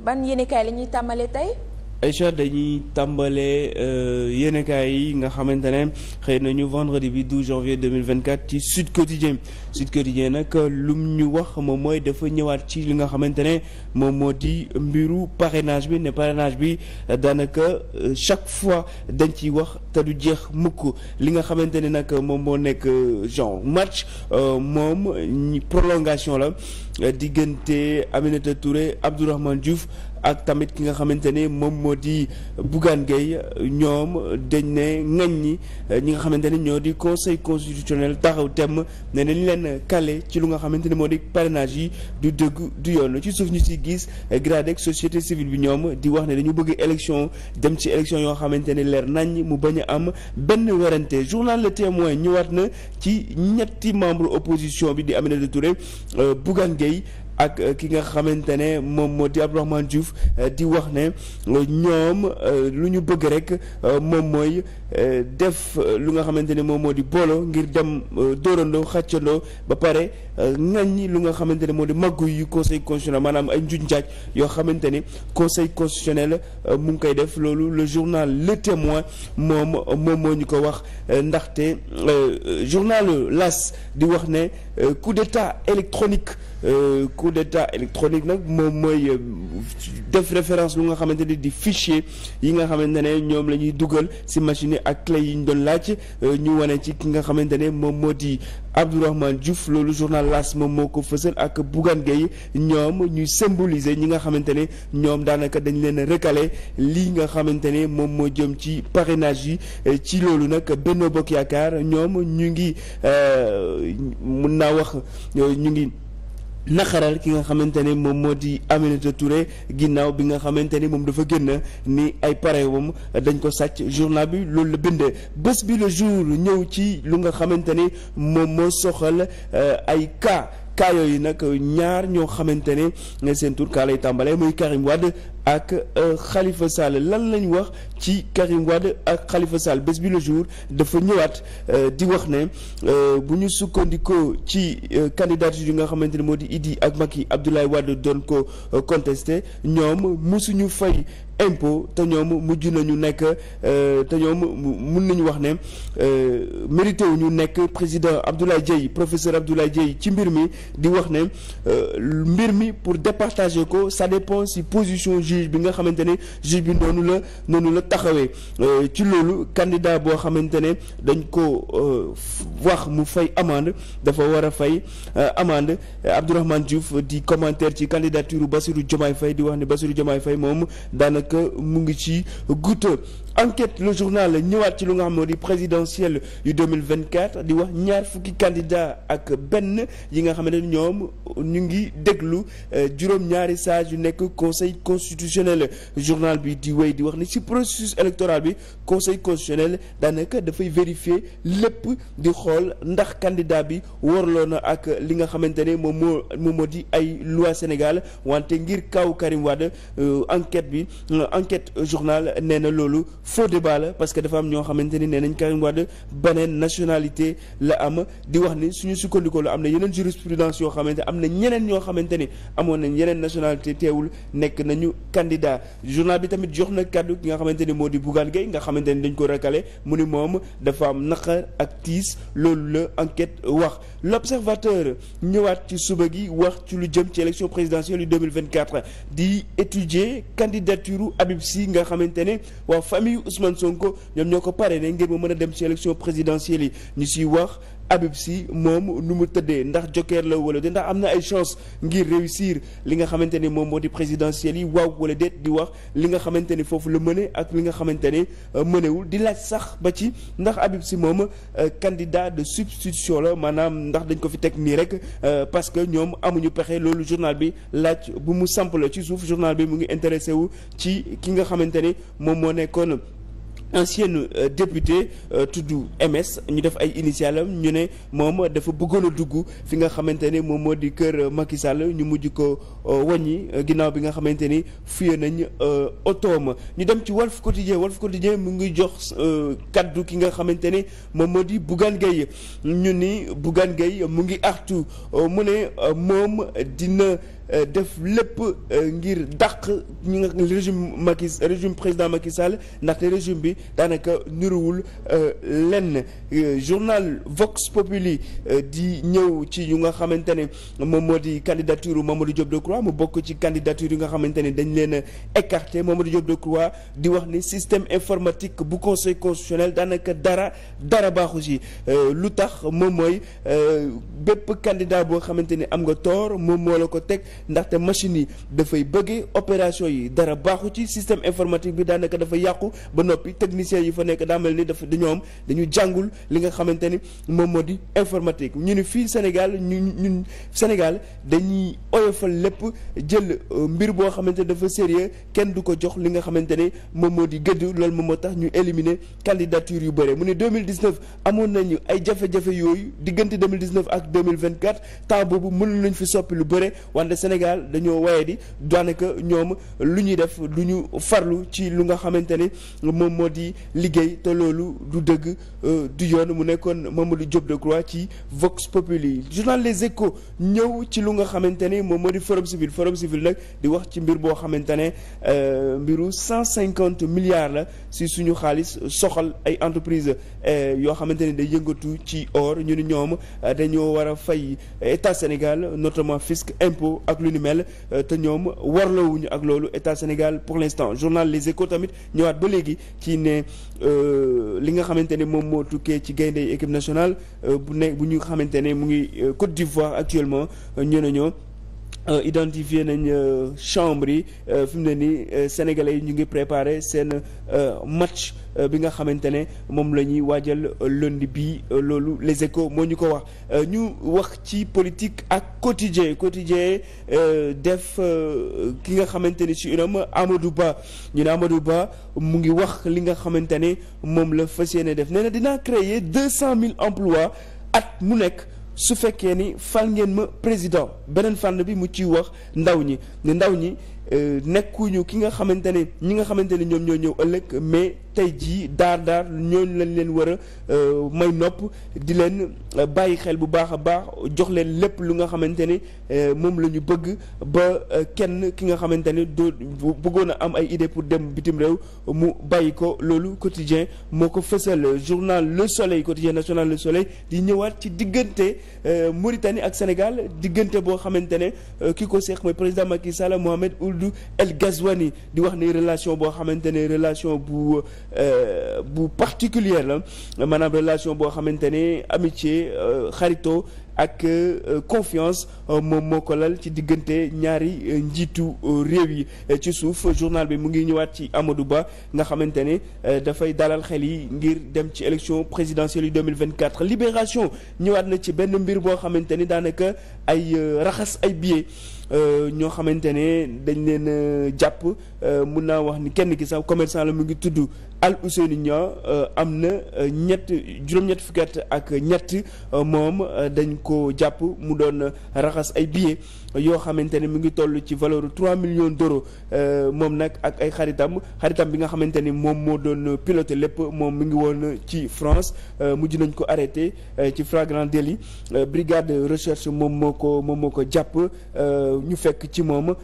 ban yéenekaay la ñuy tàmbalee tey. Aïcha dañuy tàmbalee euh, yéenekaay yi nga xamante ne xëy nañu vendredi bi 12 janvier 2024 ci Sud Quotidien Sud Quotidien nag lum ñu wax moom mooy dafa ñëwaat ci li nga xamante ne moom moo di mbiru parrainage bi ne parrainage bi euh, daanaka euh, chaque fois dañ ciy wax te du jeex mukk li nga xamante ne nag moom moo nekk genre match moom prolongation la. diggante Aminata Touré Abdourahmane Diouf ak tamit ki nga xamante ne moom moo di Bougane Gueye ñoom dañ ne ngañ ñi ñi nga xamante ne ñoo di conseil constitutionnel taxaw temm ne dañ leen kale ci lu nga xamante ne moo di parenage yi du dëgg du yoon ci suuf ñu si gis GRADEC société civile bi ñoom di wax ne dañu bëgg élection dem ci élection yoo xamante ne leer nañ mu bañ a am benn werante journal Le ñu ñëwaat na ci ñetti membre opposition bi di Aminata Touré euh, Bougane Gueye ak euh, ki nga xamante ne moom moo di Abdourahmane Diouf euh, di wax ne ñoom lu ñu bëgg rek moom mooy Euh, def euh, lu nga xamante ne moom moo di booloo ngir dem euh, dóorandoo xàccandoo ba pare ŋaññi lu nga xamante ne moo di màggu yu conseil constitutionnel maanaam ay njuñ njaaj yoo xamante ni conseil constitutionnel mu ngi koy def loolu le journal Le Témoin moom moom moo ñu ko wax ndaxte journal L'As di wax ne coup d'état électronique coup d'état électronique nag moom mooy def référence lu nga xamante ne di fichier yi nga xamante ne ñoom la ñuy dugal si machine ak clé yi ñu doon laaj euh, ñu wane ci ki nga xamante ne moom moo di Abdourahmane Diouf loolu journal L'As moom moo ko fësal ak Bougane Gueye ñoom ñuy symboliser ñi nga xamante ne ñoom daanaka dañ leen recalé lii nga xamante ne moom moo jëm ci parrainage yi euh, ci loolu nag Benno Bokk Yaakaar ñoom ñu ngi euh, mun naa wax ñu ngi naqaral ki nga xamante ne moom moo di Aminata Touré ginnaaw bi nga xamante ni moom dafa génn ni ay parewam dañ ko sàcc journal bi loolu la bindee bés bi la jour ñëw ci lu nga xamante ni moom moo soxal euh, ay kaa cas yooyu nag ñaar ñoo xamante ne seen tur kaa lay tàmbalee muy Karim Wade ak xalifa euh, Sall lan lañ wax ci Karim Wade ak Khalifa Sall bés bi le jour dafa ñëwaat euh, di wax ne euh, bu ñu sukkandikoo ci candidature yi nga xamante ne moo di Idi ak Macky Abdoulaye Wade doon ko contesté ñoom mosuñu fay impôt te ñoom mujj nañu nekk euh, te ñoom mun nañu wax ne euh, mérité wu ñu nekk président Abdoulaye Dieye professeur Abdoulaye Dieye ci mbir mi di wax ne euh, mbir mi pour départager ko ça dépend si position juge bi nga xamante ne juge bi noonu la noonu la taxawee ci loolu candidat boo xamante ne dañ ko wax mu fay amende dafa war a fay amende Abdourahmane Diouf di commentaire ci candidature Bassirou Diomaye Faye di wax ne Bassirou Diomaye Faye moom daanaka daanaka mu ngi ci goutte enquête le journal ñëwaat ci lu nga xam moo di présidentielle yu 2024 di wax ñaar fukki candidat ak benn yi nga xamante ne ñoom ñu ngi déglu euh, juróom-ñaari sages yu nekk conseil constitutionnel journal bi di wéy di wax ni ci processus électoral bi conseil constitutionnel daanaka dafay vérifier lépp di xool ndax candidat bi warloo na ak li nga xamante ne moom moo moom moo di ay loi Sénégal wante ngir kaw Karim Wade euh, enquête bi enquête journal nee na loolu faux débat la parce que dafa am ñoo xamante ni nee nañ Karim Wade beneen nationalité la am di wax ni suñu sukkandiku la am na yeneen jurisprudence yoo xamante am na ñeneen ñoo xamante ni amoon nañ yeneen nationalité teewul nekk nañu candidat journal bi tamit jox na kàddu ki nga xamante ni moo di Bougane Gueye nga xamante ni dañ ko recalé mu ni moom dafa am naqar ak tiis loolu la enquête wax l'observateur ñëwaat ci suba gi wax ci lu jëm ci élection présidentielle yu 2024 di étudier turu Habib nga xamante ne waa famille Ousmane Sonko ñoom ñoo ko pare ne ngir mu mën a dem ci élection présidentielle yi ñu si wax Habib Sy moom nu mu tëddee ndax jokkeer la wala de ndax am na ay chance ngir réussir li nga xamante ni moom moo di présidentielles yi waaw wala déet di wax li nga xamante ni foofu la mëne ak li nga xamante ni euh, mënewul di laaj sax ba ci ndax Habib Sy moom euh, candidat de substitution la maanaam ndax dañ ko fi teg nii rek euh, parce que ñoom amuñu pexe loolu journal bi laaj bu mu samp la ci suuf journal bi mu ngi intéressé wu ci ki nga xamante ni moom moo nekkoon ancienne euh, député euh, tudd MS ñu def ay initialam ñu ne moom dafa bëggoon a dugg fi nga xamante ni moom moo di kër euh, Macky Sall ñu mujj ko wàññi ginnaaw bi nga xamante ni fuye nañ otoom ñu dem ci Walf Quotidien Walf Quotidien mu ngi jox kaddu ki nga xamante ni moom moo di Bougane Gueye ñu ni Bougane gay mu ngi artu mu ne moom dina Euh, def lépp euh, ngir dàq ñi nga régime Macky régime président Macky Sall ndaxte régime bi daanaka niruwul euh, lenn journal Vox Populi di ñëw ci ñu nga xamante ne moom moo di candidature Mamadou Diop Decroix mu bokk ci candidature yi nga xamante ne dañ leen a di job de Decroix di wax ni système informatique bu conseil constitutionnel daanaka dara dara baaxu ci lu tax moom mooy bépp candidat boo xamante ni am nga tort moom moo la ko teg ndaxte machine yi dafay bëggee opération yi dara baaxu ci système informatique bi daanaka dafa yàqu ba noppi technicien yi fa nekk daa mel ni dafa dañoo am dañu jàngul li nga xamante ni moom moo di informatique ñu ni fii Sénégal ñu ñun Sénégal dañuy oyofal lépp jël euh, mbir boo xamante dafa sérieux kenn du ko jox li nga xamante ne moom moo di gëdd loolu moom moo tax ñu éliminer candidature yu bëre mu ne 2019 amoon nañu ay jafe-jafe yooyu diggante 2019 ak 2024 temps boobu mënu lañ fi soppi lu bëre Sénégal dañoo waye di daanaka ñoom lu ñuy def lu ñu farlu ci lu nga xamante ne moom moo di liggéey te loolu du dëgg euh, du yoon mu nekkoon moom Mamadou Diop Decroix ci Vox Populi journal Les Échos ñëw ci lu nga xamante ne moom moo di forum civil forum civil nag di wax ci mbir boo xamante ne euh, mbiru cent cinquante milliards la si suñu xaalis soxal ay entreprise euh, yoo xamante ne day yëngatu ci or ñu ni ñoom dañoo war a fay état Sénégal notamment fisc impôt ak lu ni mel euh, te ñoom warlawuñu ak loolu état Sénégal pour l'instant journal Les Échos tamit ñëwaat ba léegi ci ne euh, li nga xamante ne moom moo tukkee ci gaynde équipe nationale euh, bu nekk bu ñu xamante ne mu ngi Côte d'Ivoire actuellement ñoo nañoo Euh, identifier nañ euh, chambre yi euh, fi mu ne nii sénégalais yi ñu ngi préparer seen match bi nga xamante ne moom la ñuy waajal lundi bi loolu les échos moo ñu ko wax ñu wax ci politique ak quotidien quotidien def ki nga xamante ni si unam Amadou Ba ñu ne Amadou Ba mu ngi wax li nga xamante ne moom la fas yéene def nee na dinaa créer deux cent mille emplois at mu nekk su fekkee ni fal ngeen ma président beneen fànn bi mu ciy wax ndaw ñi ne ndaw ñi Euh, nekkuñu ki nga xamante ne ñi nga xamante ne ñoom ñoo ñëw ëllëg mais tey jii daar daar ñooñu lañ leen war a euh, may nopp di leen euh, bàyyi xel bu baax a baax jox leen lépp lu nga xamante ne moom la ñu bëgg ba kenn ki nga xamante ne doo bëggoon a am ay idée pour dem bitim réew mu bàyyi ko loolu quotidien moo ko fësal journal Le Soleil quotidien national Le Soleil di ñëwaat ci diggante Mauritanie ak Sénégal diggante boo xamante ne ki ko seex mooy président Macky Sall Mohamed Ould Maouloud El Ghazouani di wax ni relation boo xamante ne relation bu euh, bu particulière la maanaam relation boo xamante ne amitié euh, xarito ak euh, confiance euh, moom moo ko lal ci diggante ñaari euh, njiitu réew yi ci suuf journal bi mu ngi ñëwaat ci Amadou Ba nga xamante ne dafay dalal xel yi ngir dem ci élection présidentielle yu 2024 libération ñëwaat na ci benn mbir boo xamante ni daanaka ay raxas ay billets. ñoo xamante ne dañ leen jàpp mun naa wax ni kenn ki sax commerçant la mu ngi tudd Al Ousseynou Niang euh, am na euh, ñett juróom-ñett fukki ak ñett euh, moom dañ ko jàpp mu doon raxas ay billets yoo xamante ni mu ngi toll ci valeur trois millions d'euros moom nag ak ay xaritam xaritam bi nga xamante ni moom moo doon piloté lépp moom mi ngi woon ci France mujj nañ ko arrêté ci flagrant délit brigade recherche moom moo ko moom moo ko jàpp ñu fekk ci moom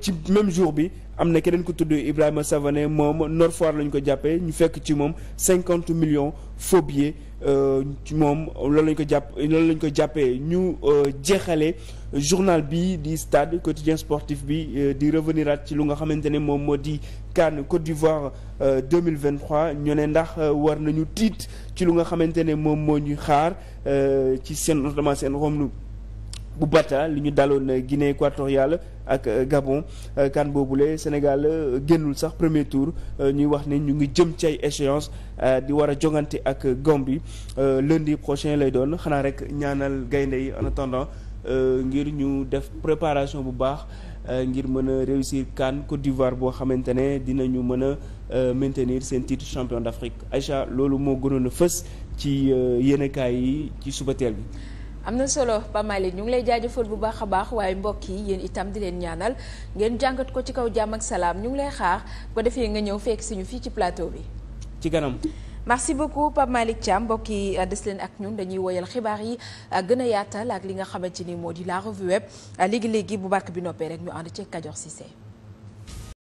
ci même jour bi am na keneen ko tudd Ibrahima Savané moom Nord Foire lañ ko jàppee ñu fekk ci moom cinquante millions faux billets euh, ci moom loolu lañ ko jàpp loolu lañ ko jàppee ñu euh, jeexale journal bi di stade quotidien sportif bi euh, di reveniraat ci lu nga xamante ne moom moo di CAN Côte d'Ivoire 2023 ñu ne ndax war nañu tiit ci lu nga xamante ne moom moo ñuy xaar ci seen notamment seen romlu bu bata li ñu daloon Guinée équatoriale ak euh, Gabon kan euh, boobule Sénégal euh, génnul sax premier tour ñuy wax ni ñu ngi jëm cay ay échéance di war a jongante ak Gambie lundi prochain lay doon xanaa rek ñaanal gaynde yi en attendant ngir ñu def préparation bu baax ngir mën a réussir CAN Côte d'Ivoire boo xamante ne dinañu mën a maintenir seen titre champion d'Afrique Aïcha loolu moo gënoon a fës ci yéenekaay yi ci suba teel bi am na solo Pape ñu ngi lay jaajëfal bu baax a baax waaye mbokk yi yéen itam di leen ñaanal ngeen jàngat ko ci kaw jàmm ak salaam ñu ngi lay xaar ba defee nga ñëw fekk si ñu fii ci plateau bi. ci kanam. merci beaucoup Pape Malick Thiam mbokk yi euh, des leen ak ñun dañuy woyal xibaar yi a euh, gën a yaatal ak li nga xamante ni moo di la revue web euh, léegi léegi bu barke bi noppee rek ñu ànd ci Kajoor Cissé.